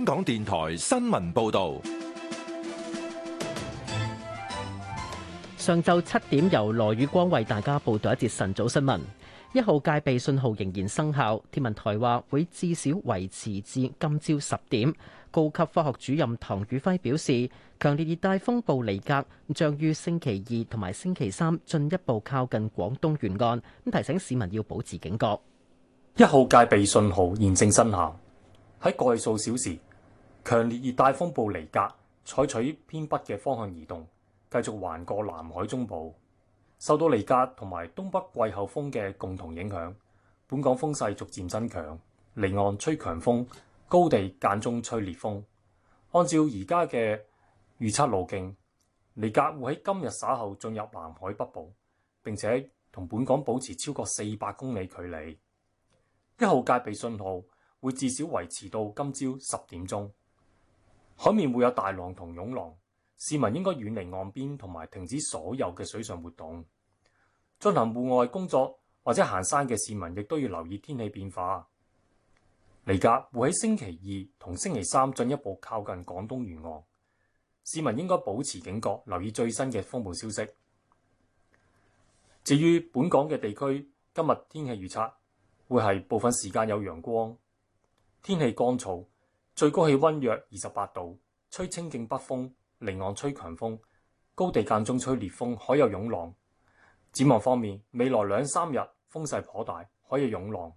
香港電台新聞報道：上晝七點，由羅宇光為大家報道一節晨早新聞。一號戒備信號仍然生效，天文台話會至少維持至今朝十點。高級科學主任唐宇輝表示，強烈熱帶風暴尼格將於星期二同埋星期三進一步靠近廣東沿岸，咁提醒市民要保持警覺。一號戒備信號現正生效，喺個數小時。強烈熱帶風暴尼格採取偏北嘅方向移動，繼續橫過南海中部。受到尼格同埋東北季候風嘅共同影響，本港風勢逐漸增強，離岸吹強風，高地間中吹烈風。按照而家嘅預測路徑，尼格會喺今日稍後進入南海北部，並且同本港保持超過四百公里距離。一號戒備信號會至少維持到今朝十點鐘。海面會有大浪同湧浪，市民應該遠離岸邊同埋停止所有嘅水上活動。進行戶外工作或者行山嘅市民亦都要留意天氣變化。尼格會喺星期二同星期三進一步靠近廣東沿岸，市民應該保持警覺，留意最新嘅風暴消息。至於本港嘅地區，今日天氣預測會係部分時間有陽光，天氣乾燥。最高氣温約二十八度，吹清勁北風，離岸吹強風，高地間中吹烈風，海有湧浪。展望方面，未來兩三日風勢頗大，海有湧浪。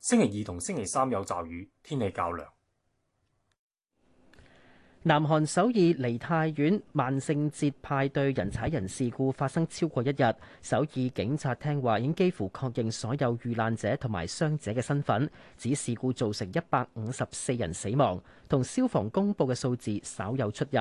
星期二同星期三有驟雨，天氣較涼。南韓首爾梨泰院萬聖節派對人踩人事故發生超過一日，首爾警察廳話已經幾乎確認所有遇難者同埋傷者嘅身份，指事故造成一百五十四人死亡，同消防公布嘅數字稍有出入。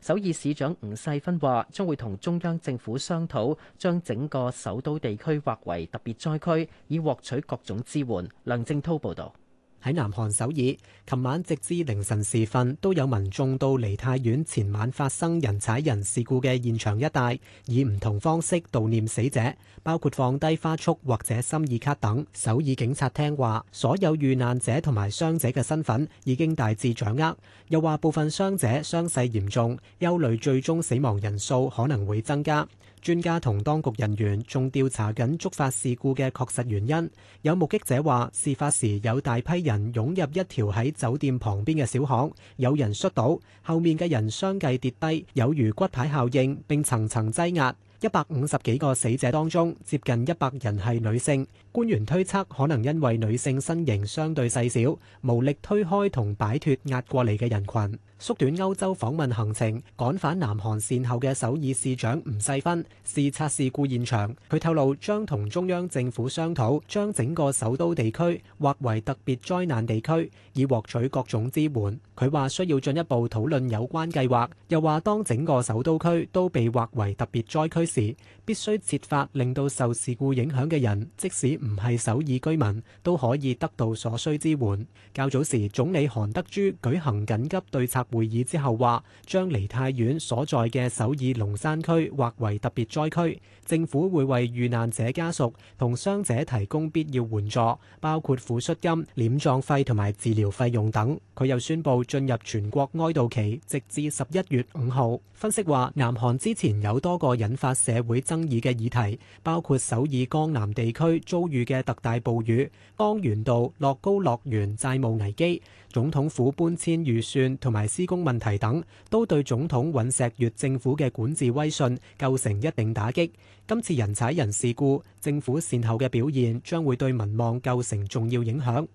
首爾市長吳世勳話將會同中央政府商討，將整個首都地區劃為特別災區，以獲取各種支援。梁正滔報導。喺南韓首爾，琴晚直至凌晨時分，都有民眾到梨泰院前晚發生人踩人事故嘅現場一帶，以唔同方式悼念死者，包括放低花束或者心意卡等。首爾警察廳話，所有遇難者同埋傷者嘅身份已經大致掌握，又話部分傷者傷勢嚴重，憂慮最終死亡人數可能會增加。專家同當局人員仲調查緊觸發事故嘅確實原因。有目擊者話，事發時有大批人湧入一條喺酒店旁邊嘅小巷，有人摔倒，後面嘅人相繼跌低，有如骨牌效應，並層層擠壓。一百五十幾個死者當中，接近一百人係女性。官員推測，可能因為女性身形相對細小，無力推開同擺脱壓過嚟嘅人群。縮短歐洲訪問行程，趕返南韓善後嘅首爾市長吳世勳視察事故現場。佢透露將同中央政府商討，將整個首都地區劃為特別災難地區，以獲取各種支援。佢話需要進一步討論有關計劃，又話當整個首都區都被劃為特別災區時，必須設法令到受事故影響嘅人，即使唔係首爾居民，都可以得到所需支援。較早時，總理韓德珠舉行緊急對策。會議之後話，將梨泰院所在嘅首爾龍山區劃為特別災區，政府會為遇難者家屬同傷者提供必要援助，包括撫恤金、殮葬費同埋治療費用等。佢又宣布進入全國哀悼期，直至十一月五號。分析話，南韓之前有多個引發社會爭議嘅議題，包括首爾江南地區遭遇嘅特大暴雨、江原道樂高樂園債務危機、總統府搬遷預算同埋。施工問題等，都對總統尹錫悅政府嘅管治威信構成一定打擊。今次人踩人事故，政府善後嘅表現將會對民望構成重要影響。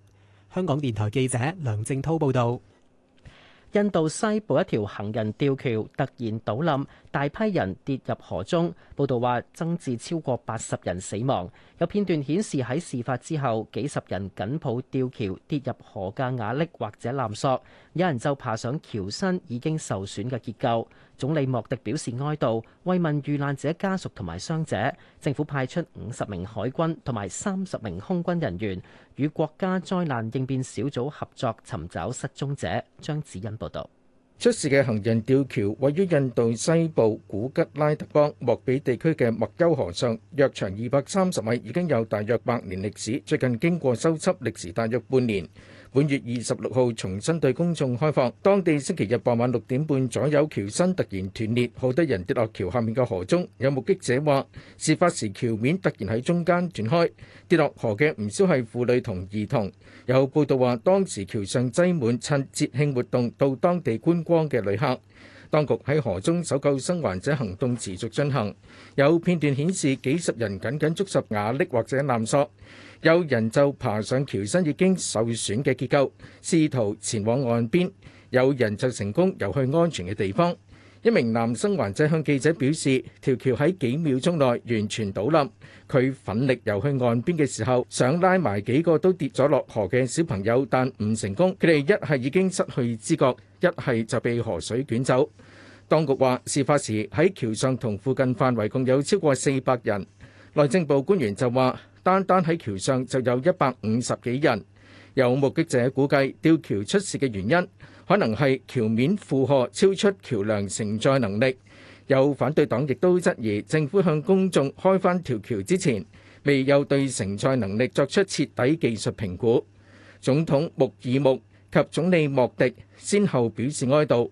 香港電台記者梁正濤報導。印度西部一條行人吊橋突然倒冧，大批人跌入河中。報道話增至超過八十人死亡。有片段顯示喺事發之後，幾十人緊抱吊橋跌入河架瓦礫或者濫索，有人就爬上橋身已經受損嘅結構。總理莫迪表示哀悼，慰問遇難者家屬同埋傷者。政府派出五十名海軍同埋三十名空軍人員，與國家災難應變小組合作尋找失蹤者，將指引。出事嘅行人吊橋位於印度西部古吉拉特邦莫比地區嘅麥丘河上，約長二百三十米，已經有大約百年歷史。最近經過修葺，歷時大約半年。本月二十六號重新對公眾開放。當地星期日傍晚六點半左右，橋身突然斷裂，好多人跌落橋下面嘅河中。有目擊者話，事發時橋面突然喺中間斷開，跌落河嘅唔少係婦女同兒童。有報道話，當時橋上擠滿趁節慶活動到當地觀光嘅旅客。當局喺河中搜救生還者行動持續進行，有片段顯示幾十人緊緊捉拾瓦礫或者纜索，有人就爬上橋身已經受損嘅結構，試圖前往岸邊；有人就成功游去安全嘅地方。一名男生還者向記者表示，條橋喺幾秒鐘內完全倒冧，佢奮力游去岸邊嘅時候，想拉埋幾個都跌咗落河嘅小朋友，但唔成功。佢哋一係已經失去知覺，一係就被河水捲走。當局話，事發時喺橋上同附近範圍共有超過四百人。內政部官員就話，單單喺橋上就有一百五十幾人。有目擊者估計，吊橋出事嘅原因可能係橋面負荷超出橋梁承載能力。有反對黨亦都質疑，政府向公眾開翻條橋之前，未有對承載能力作出徹底技術評估。總統穆爾穆及總理莫迪先後表示哀悼。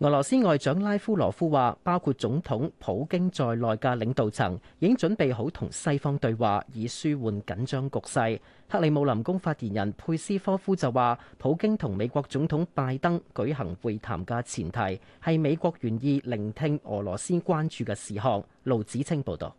俄羅斯外長拉夫羅夫話，包括總統普京在內嘅領導層已經準備好同西方對話，以舒緩緊張局勢。克里姆林宮發言人佩斯科夫就話，普京同美國總統拜登舉行會談嘅前提係美國願意聆聽俄羅斯關注嘅事項。盧子清報道。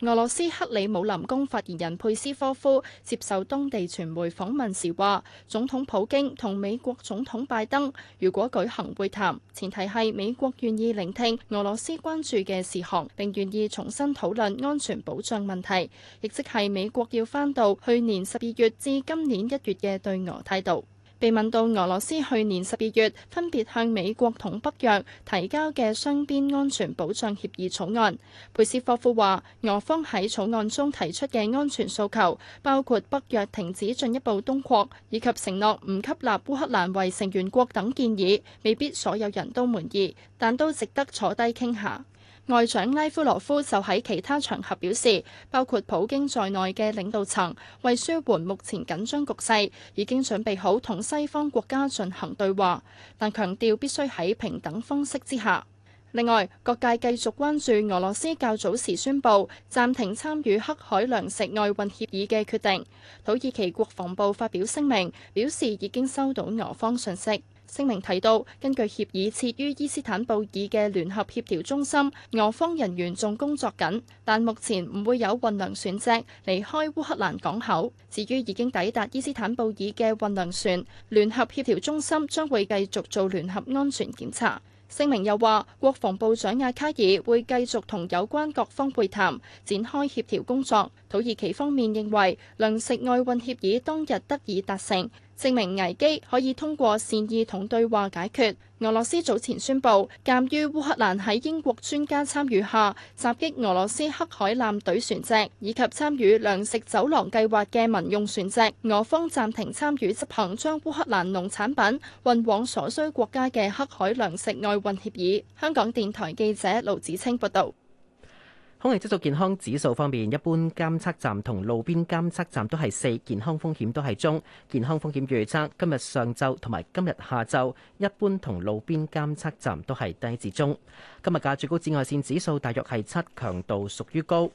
俄羅斯克里姆林宮發言人佩斯科夫接受當地傳媒訪問時話，總統普京同美國總統拜登如果舉行會談，前提係美國願意聆聽俄羅斯關注嘅事項，並願意重新討論安全保障問題，亦即係美國要返到去年十二月至今年一月嘅對俄態度。被問到俄羅斯去年十二月分別向美國同北約提交嘅雙邊安全保障協議草案，佩斯科夫話：俄方喺草案中提出嘅安全訴求包括北約停止進一步東擴以及承諾唔吸納烏克蘭為成員國等建議，未必所有人都滿意，但都值得坐低傾下談談。外長拉夫羅夫就喺其他場合表示，包括普京在內嘅領導層，為舒緩目前緊張局勢，已經準備好同西方國家進行對話，但強調必須喺平等方式之下。另外，各界繼續關注俄羅斯較早時宣布暫停參與黑海糧食外運協議嘅決定。土耳其國防部發表聲明，表示，已經收到俄方信息。聲明提到，根據協議設於伊斯坦布爾嘅聯合協調中心，俄方人員仲工作緊，但目前唔會有運糧船隻離開烏克蘭港口。至於已經抵達伊斯坦布爾嘅運糧船，聯合協調中心將會繼續做聯合安全檢查。聲明又話，國防部長阿卡爾會繼續同有關各方會談，展開協調工作。土耳其方面認為糧食外運協議當日得以達成，證明危機可以通過善意同對話解決。俄羅斯早前宣布，鑒於烏克蘭喺英國專家參與下襲擊俄羅斯黑海艦隊船隻以及參與糧食走廊計劃嘅民用船隻，俄方暫停參與執行將烏克蘭農產品運往所需國家嘅黑海糧食外運協議。香港電台記者盧子清報道。空氣質素健康指數方面，一般監測站同路邊監測站都係四，健康風險都係中。健康風險預測今日上晝同埋今日下晝，一般同路邊監測站都係低至中。今日嘅最高紫外線指數大約係七，強度屬於高。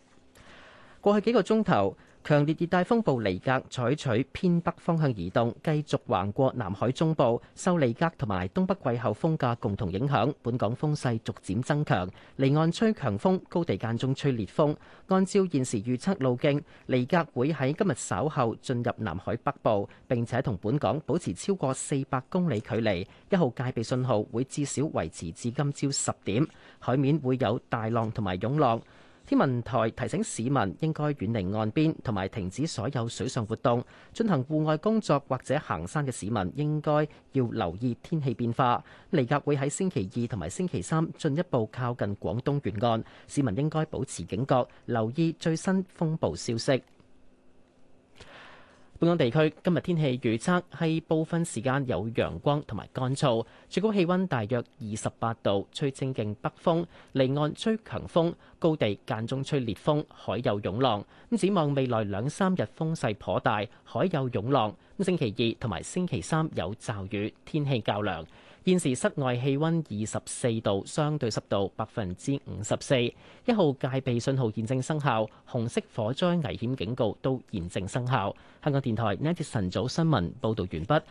過去幾個鐘頭。強烈熱帶風暴尼格採取偏北方向移動，繼續橫過南海中部。受尼格同埋東北季候風嘅共同影響，本港風勢逐漸增強，離岸吹強風，高地間中吹烈風。按照現時預測路徑，尼格會喺今日稍後進入南海北部，並且同本港保持超過四百公里距離。一號戒備信號會至少維持至今朝十點，海面會有大浪同埋湧浪。天文台提醒市民應該遠離岸邊，同埋停止所有水上活動，進行戶外工作或者行山嘅市民應該要留意天氣變化。尼格會喺星期二同埋星期三進一步靠近廣東沿岸，市民應該保持警覺，留意最新風暴消息。本港地區今日天氣預測係部分時間有陽光同埋乾燥，最高氣温大約二十八度，吹清勁北風，離岸吹強風，高地間中吹烈風，海有湧浪。咁展望未來兩三日風勢頗大，海有湧浪。咁星期二同埋星期三有驟雨，天氣較涼。現時室外氣温二十四度，相對濕度百分之五十四。一號戒備信號現正生效，紅色火災危險警告都現正生效。香港電台 n 呢一節晨早新聞報道完畢。